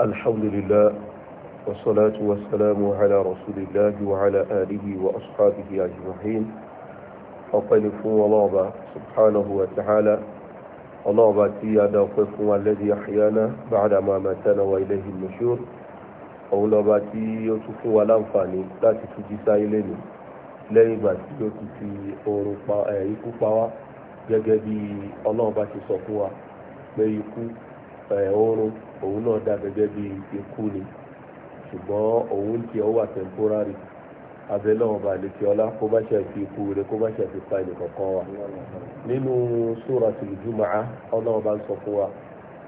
الحمد لله والصلاة والسلام على رسول الله وعلى آله وأصحابه أجمعين أقل فو الله سبحانه وتعالى الله تي أنا الذي أحيانا بعد ما ماتنا وإليه النشور الله تي يتفو الأنفاني لا تتجي سائلني lẹ́yìn ìgbà tí ó ti fi oorun pa ikú pa wá gẹ́gẹ́ bí ọlọ́run bá ti sọ fún wa pé ikú oorun òun náà dà gẹ́gẹ́ bí ikú ni ṣùgbọ́n òun tí ó wà abẹ lọ́wọ́ bá lè fi ọlá kó bá ṣe fi ikú rẹ kó bá wa nínú suratul Jumu'ah ọlọ́wọ́ bá ń sọ fún wa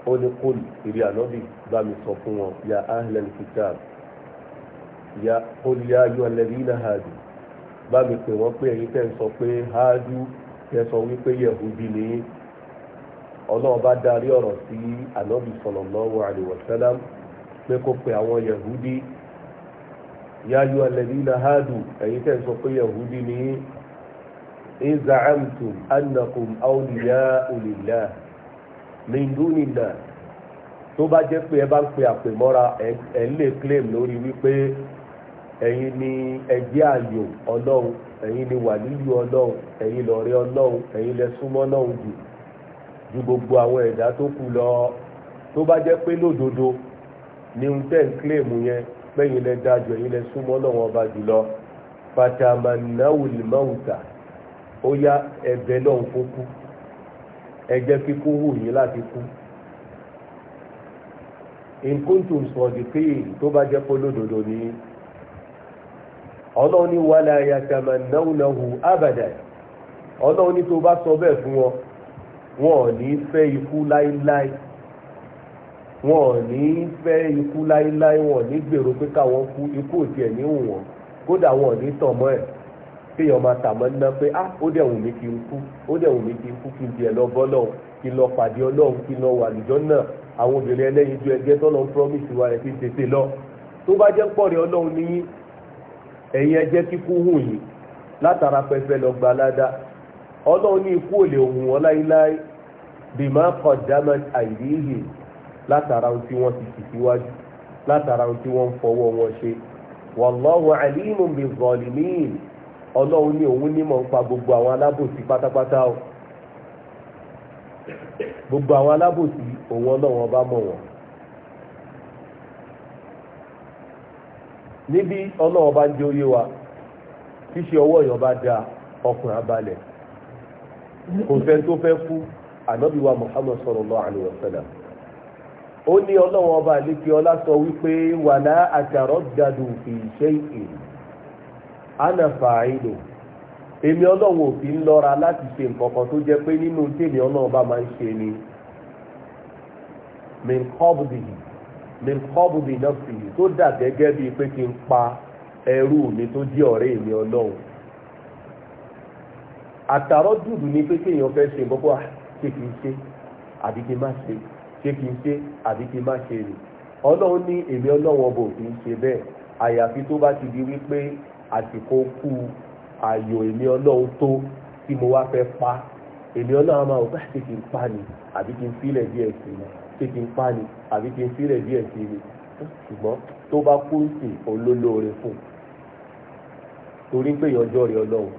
ó ní kóòlù ìrì ànábì bá mi sọ fún ya ahlal kitab ya kóòlù ya ayyuhal ladhina hadu bá mi pè wọ́n pé ẹ̀yin tẹ́ ń sọ pé sọ wípé ọlọ́run bá darí ọ̀rọ̀ sí ànábì sallallahu alaihi wasallam pé kó pe àwọn yahudi yáyọ alladhina hadu ẹ̀yin tẹ́ ń sọ pé yahudi ní iza'amtum annakum awliya'u lillah min dunillah tó bá jẹ́ pé ẹ bá ń pe àpèmọ́ra ẹ̀ ń lè claim lórí wípé ẹ̀yin ni ẹgbẹ́ ààyò ọlọ́run ẹ̀yin ni wàlíyù ọlọ́run ẹ̀yin lọ̀rẹ́ ọlọ́run ẹ̀yin lẹ súnmọ́ jù ju gbogbo àwọn ẹ̀dá tó kù lọ tó bá jẹ́ pé lódodo ni ń tẹ̀ ń kílèmù yẹn pẹ́yìn lẹ dájú ẹ̀yin lẹ súnmọ́ lọ́wọ́ ọba jùlọ fatamanawul mawuta ó yá ẹ̀bẹ̀ lọ́hùn fún kú ẹ̀jẹ̀ kíkú hù yín láti kú nkuntum sọ̀dìkìyì tó bá jẹ́ pé lódodo ni ọlọ́run ni wàlá yatamanawulahu abada ọlọ́run ni tó bá sọ bẹ́ẹ̀ fún wọn wọn ò ní fẹ́ ikú láíláí wọn ò ní fẹ́ ikú láíláí wọn ò ní gbèrò pé káwọn kú ikú òtí ẹ̀ ní wù wọn kódà wọn ò ní tàn mọ́ ẹ̀ kéèyàn máa tàmọ́ ná pé ah ó dẹ̀ wù mí kí n kú ó dẹ̀ wù mí kí n kú kí n di ẹ̀ lọ bọ́ lọ́hùn kí n lọ pàdé ọlọ́hùn kí n lọ wà lùjọ́ náà àwọn obìnrin ẹlẹ́yin ju ẹgbẹ́ tọ́lọ́ ń promise wa ẹ̀ fi tètè lọ tó bá jẹ́ pọ̀rẹ́ ọlọ́hùn ní ẹ̀yin ẹjẹ́ kíkú hù yìí látara pẹpẹ lọ gbalada ọlọ́hùn ní ikú ò lè hù wọ́n láíláí bima qaddamat aydihim látara ohun tí wọ́n ti sì síwájú látara ohun tí wọ́n ń fọwọ́ wọn ṣe wallahu alimun bizzalimin ọlọ́run ní òun nímọ̀ ń pa gbogbo àwọn alábòsí pátápátá o gbogbo àwọn alábòsí òun ọlọ́run ọba mọ̀ wọ́n. níbi ọlọ́run bá ń di oyé wa ṣíṣe ọwọ́ èèyàn bá ọkùnrin abalẹ̀ kò fẹ́ tó fẹ́ kú ànábìwá muhammad sallallahu alaihi wasallam ó ní ọlọ́wọ́ ọba àlékè ọlá sọ wípé wàlá àtàrọ́dàdù fi shay'in ana fa'ilu èmi ọlọ́wọ́ òfin lọ́ra láti ṣe nǹkan tó jẹ́ pé nínú tèmi ọlọ́wọ́ bá máa ń ṣe ni min qabdihi min qabdi nafsihi tó dà gẹ́gẹ́ bíi pé kí n pa ẹrú mi tó jẹ́ ọ̀rẹ́ mi ọlọ́wọ́ àtàrọ́dùdù ni pé kéèyàn fẹ́ ṣe nǹkan ṣé kìí ṣe àbí kí má ṣe ṣé kìí ṣe àbí kí má ṣe rè ọlọ́run ní èmi ọlọ́run ọbọ̀ kì í ṣe bẹ́ẹ̀ àyàfi tó bá ti di wípé àsìkò kú ayò èmi ọlọ́run tó tí mo wá fẹ́ pa èmi ọlọ́run máa bá ṣe kí n pa ni àbí kí n fílẹ̀ díẹ̀ sí i ṣé kí n pa ni àbí kí n fílẹ̀ díẹ̀ sí i ṣùgbọ́n tó bá kú sí olólóore fún torí pé ìyànjọ́ rẹ̀ ọlọ́run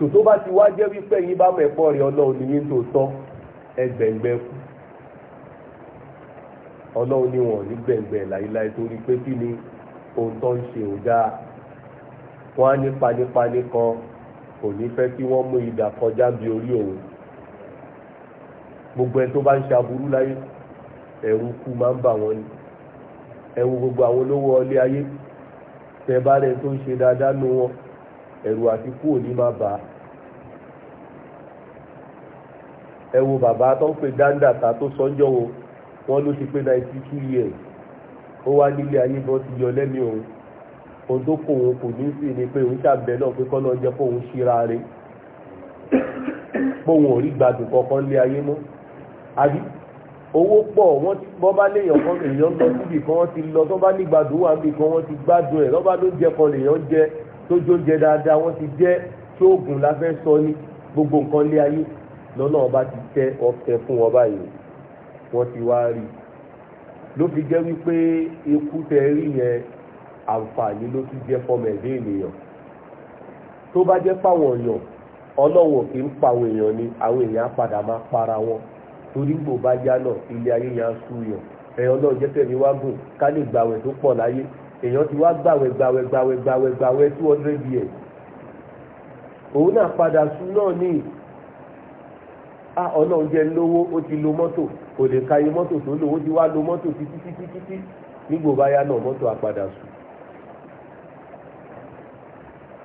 tò tó bá ti wá jẹ́ wípé yín bá mẹ́pọ̀ rẹ̀ ọlọ́run ní tó tọ́ ẹgbẹ̀ngbẹ́ kú ọlọ́run ní wọn ní gbẹ̀ngbẹ̀ láíláí torí pé kí ni ohun tó ń ṣe ò dáa wọn á ní panipani kan kò ní fẹ́ kí wọ́n mú idà kọjá bí orí òun gbogbo ẹni tó bá ń ṣe aburú láyé ẹ̀rù kú máa ń bà wọ́n ni ẹ̀rù gbogbo àwọn olówó ọlé ayé tẹ bá rẹ̀ tó ń ṣe dáadáa nù wọn ẹ̀rù àti kú òní máa bá ẹ wo bàbá tó ń pe dáńdàtà tó sọ́njọ́ wo wọ́n ló ti pé ninety two years ó wá nílé ayé bọ́ ti yọ lẹ́mí òun ohun tó kó òun kò ní sí ni pé òun ṣàbẹ̀ náà pé kọ́nà jẹ́ kó òun ṣíra rẹ̀ póun ò rí gbádùn kankan lé ayé mọ́ àbí owó pọ̀ wọ́n ti bọ́ bá léèyàn kan lèèyàn lọ síbì kan wọ́n ti lọ tó bá ní gbádùn wà níbì kan wọ́n ti gbádùn ẹ̀ lọ́ba ló jẹ kan lèèyàn jẹ tó jóúnjẹ dáadáa wọ́n ti jẹ́ ṣóògùn la fẹ́ sọ ní gbogbo nǹkan lé ayé lọ́nà ọba ti tẹ ọ̀fẹ́ fún wọn báyìí wọ́n ti wá rí i ló fi jẹ́ wípé ikú tẹ rí yẹn àǹfààní ló ti jẹ́ fọmọ ẹ̀dá ènìyàn tó bá jẹ́ fáwọn èèyàn ọlọ́wọ̀ kì í pa èèyàn ni àwọn èèyàn padà máa para wọn torí gbò bá yá náà ilé ayé yẹn á sú yàn ẹ̀yàn náà jẹ́ tẹ̀mí wá gùn ká lè gbàwẹ̀ tó pọ̀ láyé èèyàn ti wá gbàwẹ̀ gbàwẹ̀ gbàwẹ̀ gbàwẹ̀ gbàwẹ̀ two hundred years òun náà padà sùn náà ní à ọ̀nà oúnjẹ lówó ó ti lo mọ́tò kò lè ka iye mọ́tò tó lò ó ti wá lo mọ́tò títí títí títí nígbò bá yá náà mọ́tò àpadà sùn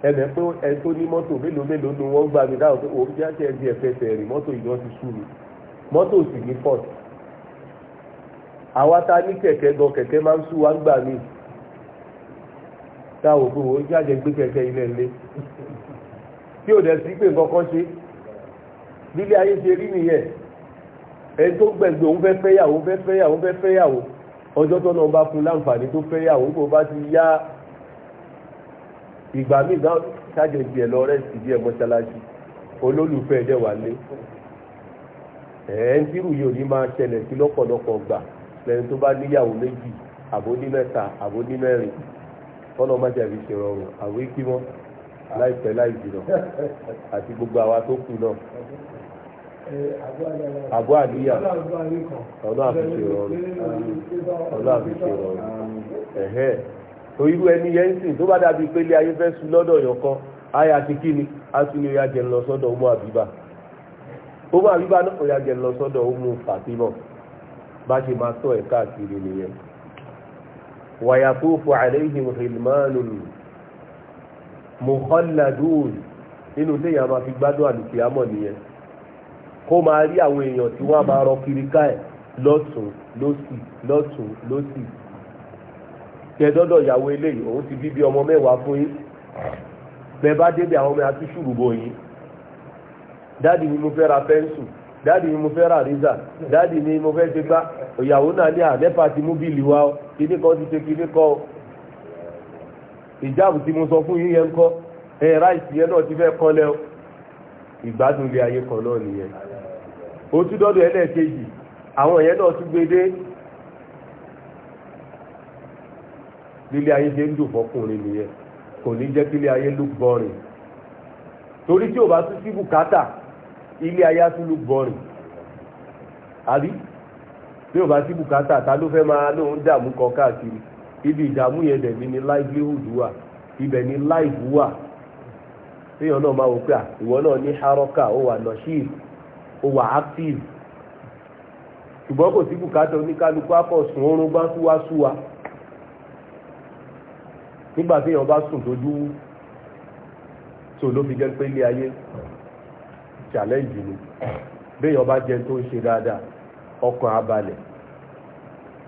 ẹnẹ pé ẹni tó ní mọ́tò mélòó mélòó ni wọ́n gbà mí dáhùn pé òun jẹ́ àti ẹbí ẹ̀fẹ́ tẹ̀rì mọ́tò ìjọ ti sú mi mọ́tò sì ní fọ́ọ̀tì àwa ta ní kẹ̀kẹ́ gan kẹ̀kẹ́ máa ń sú wa ń gbà míì táwọn òpin wò ó jáde gbé kẹ̀kẹ́ ilẹ̀ ilé tí ò dẹ̀ sí pé nǹkan kan ṣe nílé ayé ṣe rí nìyẹn ẹni tó gbẹ̀gbẹ̀ òun fẹ́ fẹ́yàwó fẹ́ fẹ́yàwó fẹ́ fẹ́yàwó ọjọ́ tó náà bá fún láǹfààní tó fẹ́yàwó kó bá ti yá ìgbà míì náà ṣáàjọ ìdí ẹ̀ lọ rẹ́sì díẹ̀ mọ́ṣáláṣí olólùfẹ́ ẹ̀dẹ̀ wà lé ẹ̀ẹ́n tírù yìí ò ní máa ṣẹlẹ̀ sí lọ́pọ̀lọpọ̀ gbà lẹ́ni tó bá níyàwó méjì àbó ní mẹ́ta àbó ní mẹ́rin kọ́nà má jàbí ṣe rọrùn àwọn ikí mọ́ láìpẹ́ láì jìnà àti gbogbo àwa tó kù náà. àbọ̀ àníyà ọ̀nà àfiṣe rọrùn ọ̀nà àfiṣe rọrùn ẹ̀hẹ́ tó irú ẹni yẹn ń sìn tó bá dàbí pé ilé ayé fẹ́ sun lọ́dọ̀ yàn kan ayé àti kíni á tún ní oyà jẹun lọ sọ́dọ̀ ọmọ àbíbá ọmọ àbíbá náà oyà jẹun lọ sọ́dọ̀ ọmọ fàtímọ̀ bá ṣe máa tọ́ ẹ̀ káàkiri nìyẹn wàyàtúfù àlẹ́yìn hìlmánùn mùkọ́ládùn nínú téèyàn máa fi gbádùn àlùkìyàmọ̀ nìyẹn kó máa rí àwọn èèyàn tí wọ́n máa rọ kiri ká ẹ̀ lọ́tún lọ́sì lọ́tún lọ́sì kẹdọ́dọ̀ ìyàwó eléyìí òun ti bí bí ọmọ mẹ́wàá fún yín bẹ́ẹ̀ bá débi àwọn ọmọ yẹn á tún yín dáàdi ni mo fẹ́ ra pẹ́ńsù dáàdì ni mo fẹ́ ra àríza dáàdì mi mo fẹ́ ṣe gbá ìyàwó náà ní àmẹ́fà ti mú bíìlì wa kíní kan ti ṣe kíní kan ìjáàbù tí mo sọ fún yín yẹn kọ́ ẹ̀ ráìsì yẹn o ìgbádùn ilé ayé kan náà nìyẹn ó tún dọ́dọ̀ ẹlẹ́ẹ̀kejì àwọn yẹn náà tún gbé dé lílé ayé ṣe ń dùn fọkùnrin nìyẹn kò ní jẹ́ kílé ayé ló gbọ́rin torí ilé ayá tún ló bọ̀rìn àbí bí ò bá sí bùkátà ta ló fẹ́ máa lóun dààmú kọ káàkiri ibi ìdààmú yẹn dẹ̀ ní ni livelihood wà ibẹ̀ ni life wà téèyàn náà máa wò pé à ìwọ náà ní haroka ó wà nashir ó wà active ṣùgbọ́n kò sí bùkátà oníkálukú akọ̀ sùn oorun gbá súwa súwa nígbà bá challenge ni béèyàn ọba jẹ tó ń ṣe dáadáa ọkàn abalẹ̀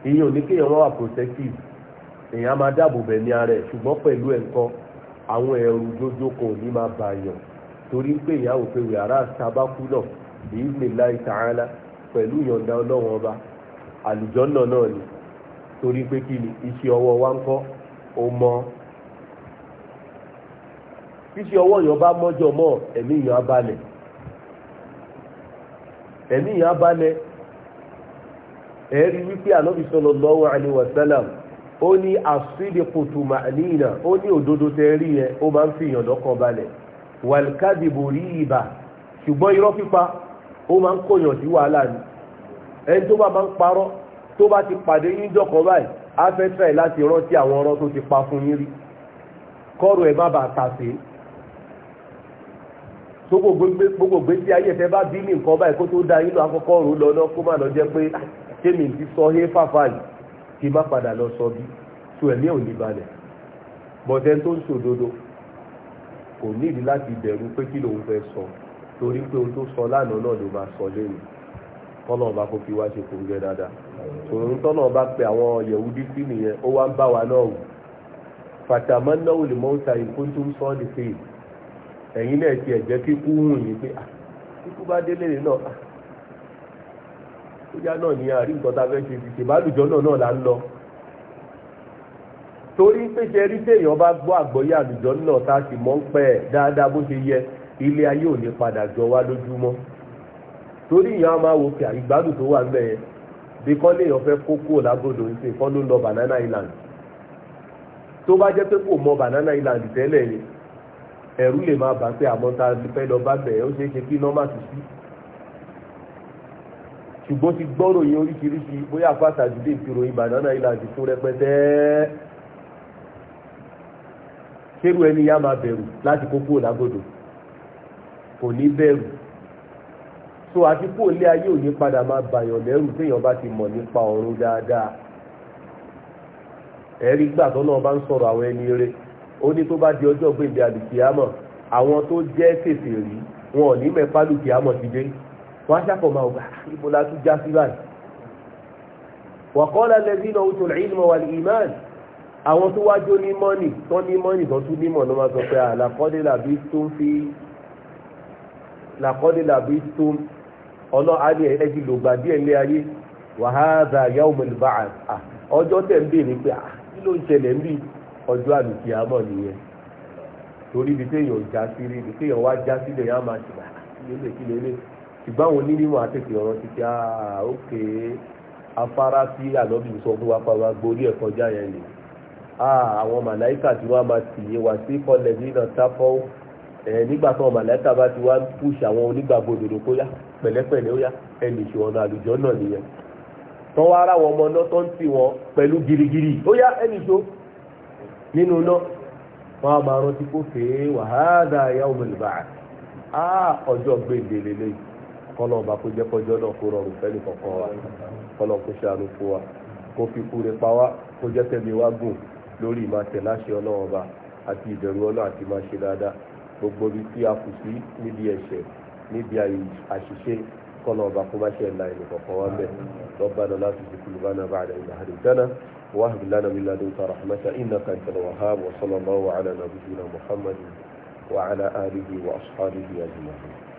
ìyẹn ò ní wà protective èèyàn máa dáàbò bẹ̀ ní ara ẹ̀ ṣùgbọ́n pẹ̀lú ẹ̀ àwọn ẹ̀rù jójókòó ní máa torí pé pe sábàkú náà èyí lè pẹ̀lú ìyọ̀ǹda ọlọ́wọ́n ọba náà ni torí ni iṣẹ́ ọwọ́ wa ń kọ́ ó mọ́ iṣẹ́ ọwọ́ yẹn bá mọ́jọ mọ́ ẹ̀mí ẹ̀mí ìyá balẹ̀ ẹ̀rí wípé ànábì sallallahu alaihi wasallam ó ní àsídìkùtù màníìnà ó ní òdodo tẹ́ rí yẹn ó máa ń fi ìyàn lọ́kàn balẹ̀ wàlkádìbò rí ìbà ṣùgbọ́n irọ́ pípa ó máa ń kóyàn sí wàhálà ni ẹni tó bá máa ń parọ́ tó bá ti pàdé yín jọ̀kan báyìí á fẹ́ fẹ́ láti rántí àwọn ọ̀rọ̀ tó ti pa fún yín rí kọ́rọ̀ ẹ̀ má bàa tàsé tó gbogbo gbèsè ayé tẹ bá bí ní nǹkan báyìí kó tó da inú akọ́kọ́ rò lọ náà kó má lọ jẹ́ pé kémi ah, ti sọ hé fàfà yìí kí má padà lọ sọ bí tó ẹ̀mí ò ní balẹ̀ bọ̀dẹ́ tó ń ṣòdodo kò nídìí láti bẹ̀rù pé kí lòun fẹ́ sọ torí pé o tó sọ lánàá náà ló máa sọ lẹ́nu tọ́nà ọba kò fi wá ṣe kò ń gẹ dáadáa tòun tọ́nà ọba pe àwọn yẹ̀wúdí sí nìyẹn ó wá ń bá wa náà wù fàtàmọ́ náà ò lè ẹ̀yin náà ti ẹ̀jẹ́ kíkú hùn yìí pé ah, kíkú bá délé náà ah, ó yá náà ní àrí nǹkan tá a fẹ́ ṣe náà náà là ń lọ torí pé ṣe rí téèyàn bá gbọ́ àgbọ́yé àlùjọ náà tá a sì ń pẹ́ dáadáa bó ṣe yẹ ilé ayé ò ní padà jọ wá lójúmọ́ torí ìyá máa wo kí àìgbádùn tó wà bí léèyàn fẹ́ Banana Island tó bá jẹ́ mọ Banana Island tẹ́lẹ̀ yìí ẹ̀rú lè máa bà pé àmọ́ ta ti fẹ́ lọ bá bẹ̀rẹ̀ ó ṣeé ṣe kí nọ́mà ti sí ṣùgbọ́n ti gbọ́rò yín oríṣiríṣi bóyá fásitì àdúgbò ìfìròyìn banana island tó rẹpẹtẹ ṣérú ẹni yá máa bẹ̀rù láti kó kúrò lágbòdò kò ní bẹ̀rù so àti kó ilé ayé òní padà máa bàyàn lẹ́rù téèyàn bá ti mọ̀ nípa ọ̀run dáadáa ẹ̀rí gbà tó náà bá ń sọ̀rọ̀ àwọn ẹni rẹ̀ ó ní tó bá di ọjọ́ gbèndé àlùkìyàmọ̀ àwọn tó jẹ́ kèsè rí wọn ò ní mẹ́fà lùkìyàmọ̀ ti dé wọ́n á ṣàpọ̀ máa gbà ah, ibo la tún já sí báyìí. wàkọ́lá lẹ́bí náà ó lẹ́yìn mọ́ wà ní imán àwọn tó wájú ní mọ́nì tó ní mọ́nì tó tún nímọ̀ ló máa sọ pé àlàkọ́dé làbí tó ń fi làkọ́dé làbí tó ọ̀nà àdìẹ ẹ̀jì lògbà díẹ̀ lé ayé wàhálà yawmul ba'ath ah, ọjọ́ tẹ̀ ń bèèrè pé ah, kí ló ń ṣẹlẹ̀ ń bíi ọjọ́ àlùkì àmọ́ nìyẹn torí ibi téèyàn já sí rí ibi téèyàn wá já sílẹ̀ yẹn á máa ṣùgbọ́n nílé ah, kí lè lè ṣùgbọ́n àwọn onímọ̀ àtẹ̀tẹ̀ ọ̀rọ̀ ti fi òkè ah, afárá sí ànábì sọ fún wa pàmò gborí ẹ̀ kọjá yẹn ni ah, àwọn màláìkà tí wọ́n á máa tì yé wá sí kọ́lẹ̀ nínà táfọ́ nígbà tí àwọn màláìkà bá ti wá ń pùṣ àwọn onígbàgbọ́ òdòdó kó yá pẹ̀lẹ́pẹ̀lẹ́ ó yá ẹnì ìṣòwòrán àlùjọ náà nìyẹn tọ́wọ́ ara wọn ọmọ náà tó ń tì wọn pẹ̀lú girigiri ó yá ẹnì ìṣòwò nínú náà wọ́n á máa rántí kó pé wàhálà yaumul ba'th á ọjọ́ gbèǹde lélẹ́yìí kọ́lọ́ ọba kó jẹ́ kọjọ́ náà kó rọrùn fẹ́ni kọ̀ọ̀kan wa kọ́lọ́ kó ṣàánú fún wa kó fi kú pa wá kó jẹ́ tẹ̀mí wá gùn lórí ìmá ọba àti àti dáadáa gbogbo tí a kù sí níbi وهب لنا من لدنك رحمة إنك أنت الوهاب وصلى الله على نبينا محمد وعلى آله وأصحابه أجمعين